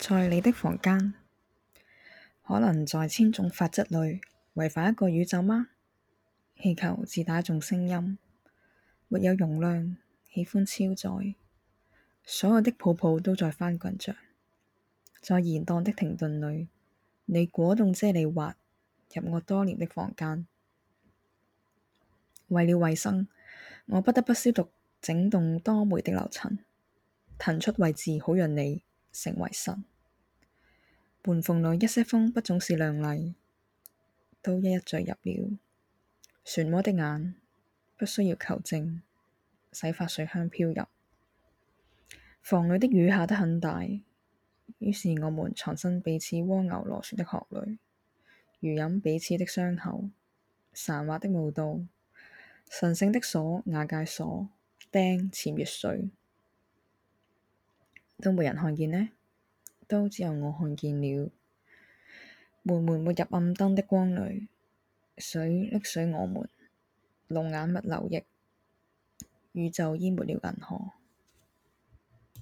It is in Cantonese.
在你的房間，可能在千種法則裏違反一個宇宙嗎？氣球自帶一種聲音，沒有容量，喜歡超載，所有的泡泡都在翻滾着。在延宕的停頓裏，你果凍啫喱滑入我多簾的房間。為了衛生，我不得不消毒整棟多霉的樓層，騰出位置好讓你。成為神，門縫裏一些風不總是亮麗，都一一墜入了漩渦的眼，不需要求證。洗髮水香飄入房裏的雨下得很大，於是我們藏身彼此蝸牛螺旋的殼裏，茹飲彼此的傷口，潺滑的慕道，神聖的鎖、瓦解鎖、釘、僭越水，都沒人看見呢。都只有我看見了，緩緩沒入暗燈的光裏，水溺水我們，龍眼蜜流淌著，宇宙淹沒了銀河。